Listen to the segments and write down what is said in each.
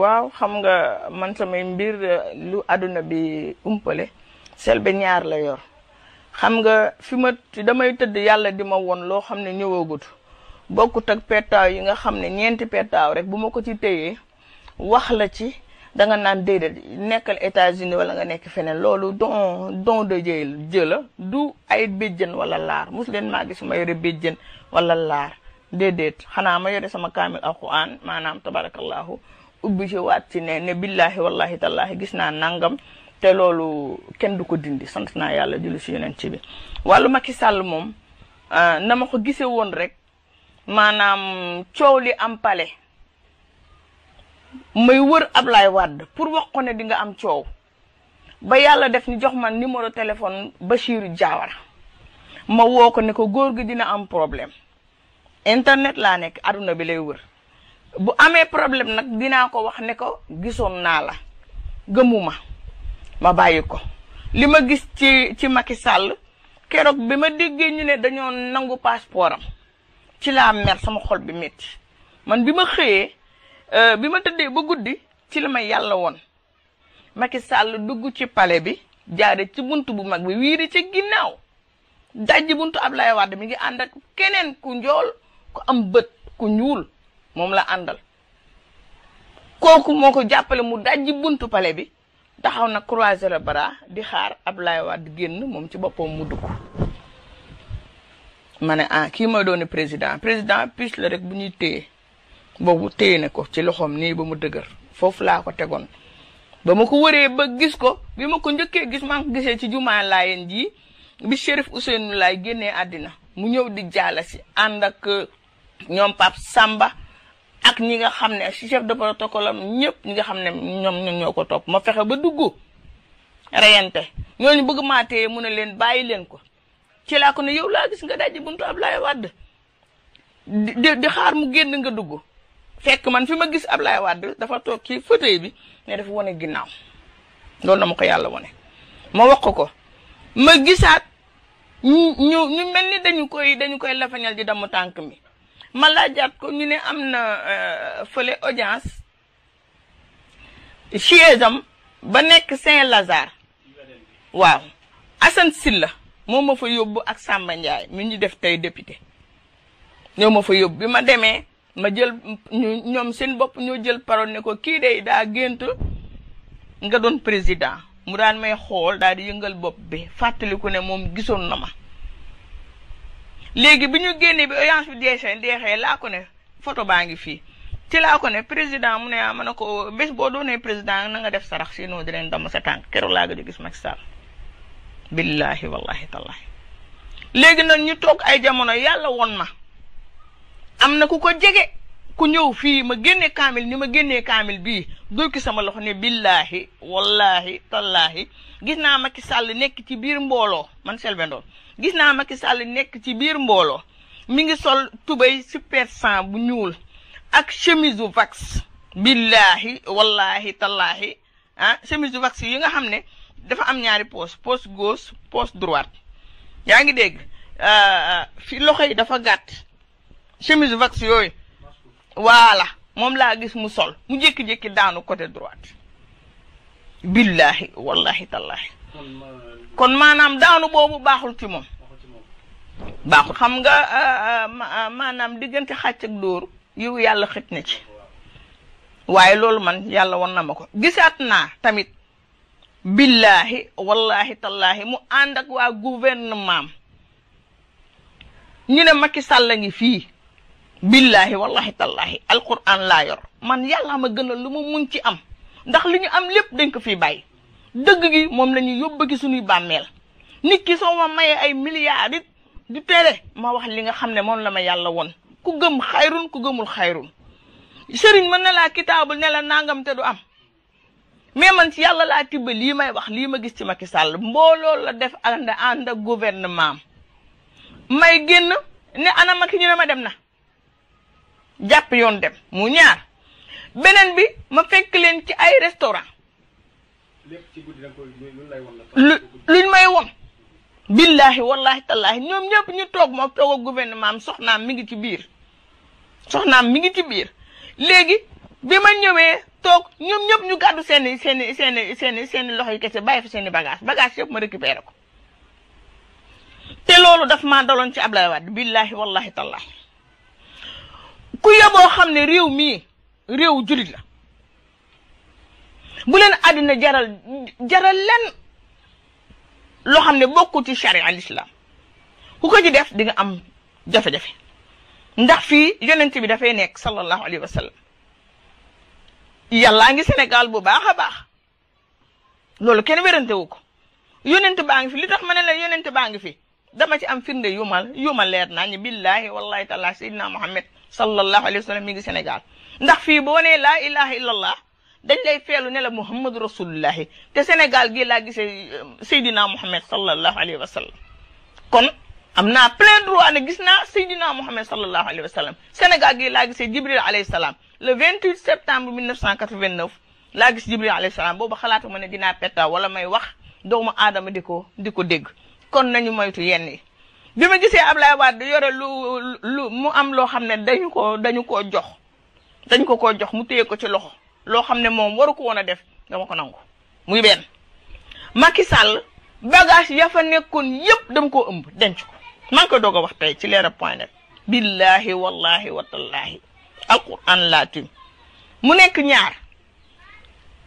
waaw xam nga man samay mbir eh, lu aduna bi umpale be ñaar la yor xam nga fi ma damay tëdd yàlla di ma won loo xam ne ñëwagut bokkut ak pettaaw yi nga xam ne ñeenti pettaaw rek bu ma ko ci téyee wax la ci da nga naan déedéet nekkal états-unis wala nga nekk feneen loolu don don de jëy jëla du ay béjjën wala laar mus leen maa gis ma yore béjjën wala laar déedéet xanaa ma yore sama kaamil alquran maanaam tabarakallahu obligé waat ci ne ne billahi wallahi tallahi gis naa nangam te loolu kenn du ko dindi sant naa yàlla julli si ci bi wàllu ki Sall moom ah, na ma ko gisee woon rek maanaam coow li am pale may wër Ablaye Wade pour wax ko ne di nga am coow ba yàlla def ni jox man numéro téléphone Bachirou Diawara ma woo ko ne ko góor gi dina am problème internet laa nekk aduna bi lay wër bu amee problème nag dinaa ko wax ne ko gisoon naa la gëmuma ma bàyyi ko li ma gis ci ci Macky Sall keroog bi ma déggee ñu ne dañoo nangu passeport am ci la mer sama xol bi metti man bi ma xëyee euh, bi ma tëddee ba guddi ci la ma yàlla woon Macky Sall dugg ci pale bi jaare ci bunt bu mag bi wiiri ci ginnaaw dajji buntu Ablaye Wade mi ngi ànd ak keneen ku njool ku am bët ku ñuul moom la àndal kooku moo ko jàppale mu dajji buntu pale bi taxaw na croiser le bara di xaar Ablaye di génn moom ci boppam mu dugg ma ne ah kii mooy doon président président picc la rek bu ñuy téye boobu téye na ko ci loxoom nii ba mu dëgër foofu laa ko tegoon ba ma ko wëree ba gis ko bi ma ko njëkkee gis maa ngi ko gisee ci jumaa laayeen ji bi Chérif Ousseynou Laye génnee àddina mu ñëw di jaala si ànd ak euh, ñoom Pape Samba ak ñi nga xam ne si chef de protocole am ñëpp ñi nga xam ne ñoom ñoom ñoo ko topp ma fexe ba dugg reyante ñooñu bëgg maa téye mu ne leen bàyyi leen ko ci laa ko ne yow laa gis nga dajji buntu ablaye wadd di di xaar mu génn nga dugg fekk man fi ma gis ablaye wadd dafa toog ci fauteuil bi ne dafa wane ginnaaw loolu la ma ko yàlla wane ma wax ko ma gisaat ñu ñu mel ni dañu koy dañu koy lafañal di damu tànk mi ma laajaat ko ñu ne am na euh, fële audience chiesam ba nekk Saint-Lazare waaw Assane la moo ma fa yóbbu ak Samba Ndiaye mi ñu def tey député ñoo ma fa yóbbu bi ma demee ma jël ñoom seen bopp ñoo jël paroon ne ko kii day daa gént nga doon président mu daan may xool daal di yëngal bopp bi fàttaliku ne moom gisoon na ma léegi bi ñu génnee bi audience bi deexee deexee laa ko ne photo baa ngi fii ci laa ko ne président mu ne ah ma ne ko bés boo doone président na nga def sarax sinon dinañ damm sa tànk keroog laa gëj a gis Macky Sall billahi wallahi tallahi léegi nag ñu toog ay jamono yàlla woon ma am na ku ko jege ku ñëw fii ma génne kaamil ni ma génnee kaamil bii dóor ki sama loxo ne billaahi wallaahi tallaahi gis naa Macky Sall nekk ci biir mbooloo man Selbé Ndom gis naa Macky Sall nekk ci biir mbooloo mi ngi sol tubéy super sang bu ñuul ak chemise u vax billaahi wallaahi tallaahi ah chemise u vax yi nga xam ne dafa am ñaari poche poche gauche poche droite yaa ngi dégg ah, ah, fi loxo yi dafa gàtt chemise u vax yooyu voilà moom laa gis mu sol mu jékki-jékki daanu côté droite billaahi wallahi tallaahi kon maanaam daanu boobu baaxul ci moom baaxul xam nga euh, euh, euh, maanaam diggante xàcc ak dóor yiw yàlla xëj na ci waaye loolu man yàlla won na ma ko gisaat naa tamit billaahi wallahi tallaahi mu ànd ak waa gouvernement ñu ne Macky Sall ngi fii billahi wallahi tallahi alquran la yor man yalla ma gënal lu ma mun ci am ndax liñu am lepp dañ ko fi bay deug gi mom lañu ñu yóbbu suñu bammel nit ki so ma maye ay milliards di du tere ma wax li nga Kugem mom kugemul la ma yalla won ku gëm khairun ku gëmul khairun serigne man la kitabul ne la nangam te du am mais man ci yalla la tibbe li may wax li ma gis ci Macky Sall mbolo la def ànd ànd gouvernement may genn ne ana Macky ñu ne ma dem na japp yoon dem mu ñaar beneen bi ma fekk leen ci ay restaurant luñ may won billahi wallahi tallahi ñoom ñëpp ñu toog moom toog ak gouvernement am soxnaam mi ngi ci biir soxnaam mi ngi ci biir léegi bi ma ñëwee toog ñoom ñëpp ñu gàddu seeni seeni seeni seeni seeni loxo yi kese bàyyi fa bagage bagage yëpp ma récupéré ko te loolu daf maa daloon ci Ablaye billahi wallahi tallahi kuya bo xamne rew mi rew julit la bu len àddina jaral jaral len lo xamne bokku ci sharia al ku ko ci def di nga am jafe-jafe ndax fi yonent bi da fay nek sallallahu alayhi wasallam yalla yàllaa ngi sénégal bu baakha a baax loolu kenn wérante wuko yonent baangi fi li tax manela yonent baangi fi دما تي ام فيرنده يومال يومال لير ناني بالله والله تعالى سيدنا محمد صلى الله عليه وسلم ميغي سنغال نده في بوني لا اله الا الله دنج لاي فيلو نلا محمد رسول الله تي سنغال جي لا سيدنا محمد صلى الله عليه وسلم كون امنا بلان درو انا غيسنا سيدنا محمد صلى الله عليه وسلم سنغال جي لا غيسي جبريل عليه السلام le 28 septembre 1989 la gis jibril alayhi salam bobu xalaatuma ne dina petta wala may wax آدم adama diko diko deg kon nañu moytu yenn yi bi ma gisee ab Ablaye Wade yore lu lu mu am loo xam ne dañu ko dañu ko jox dañ ko ko jox mu téye ko ci loxo loo xam ne moom waru ko woon a def dama ko nangu muy benn Macky Sall bagage ya fa nekkoon yëpp dama koo ëmb denc ko maa ko doog a wax tey ci leeral point net billahi wallahi watallaahi alquran laatim mu nekk ñaar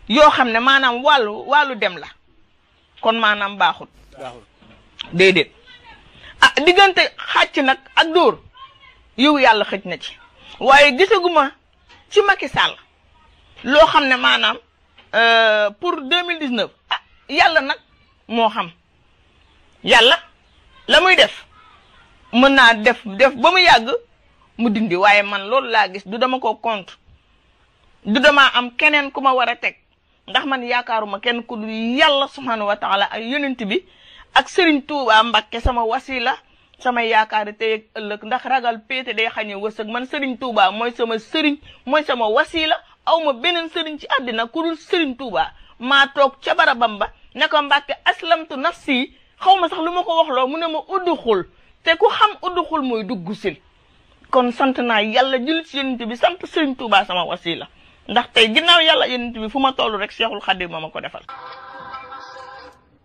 yoo xam ne maanaam wàllu wàllu dem la kon maanaam baaxul déedéet a ah, diggante xàcc nag ak dóor yow yàlla xëj na ci waaye gisaguma ci Macky Sall loo xam ne maanaam euh, pour deux mille dix neuf ah yàlla nag moo xam yàlla la muy def mën naa def def ba mu yàgg mu dindi waaye man loolu laa gis du dama ko compte du damaa am keneen ku ma war a teg ndax man yaakaaruma kenn ku dul yàlla subhanahu wa taala ak yonent bi ak Serigne Touba Mbakke sama wasila sama yaakaar tey ak ëllëg ndax ragal péete day xañe wërsëg man Serigne Touba mooy sama Serigne mooy sama wasila aw ma beneen Serigne ci àddina ku dul Serigne Touba maa toog ca barabam ba ne ko Mbakke aslamtu nafsi xaw ma sax lu ma ko wax loo mu ne ma udduxul te ku xam udduxul mooy dugg sil kon sant naa yàlla jul ci yonent bi sant Serigne Touba sama wasila ndax tey ginnaaw yàlla yonent bi fu ma toll rek Cheikhul Khadim ma ma ko defal.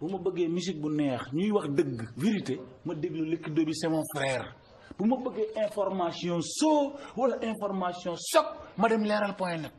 Vous m'avez musique bu neex ñuy wax vérité ma déglu Luc c'est mon frère Vous m'avez information saut ou information choc madame dem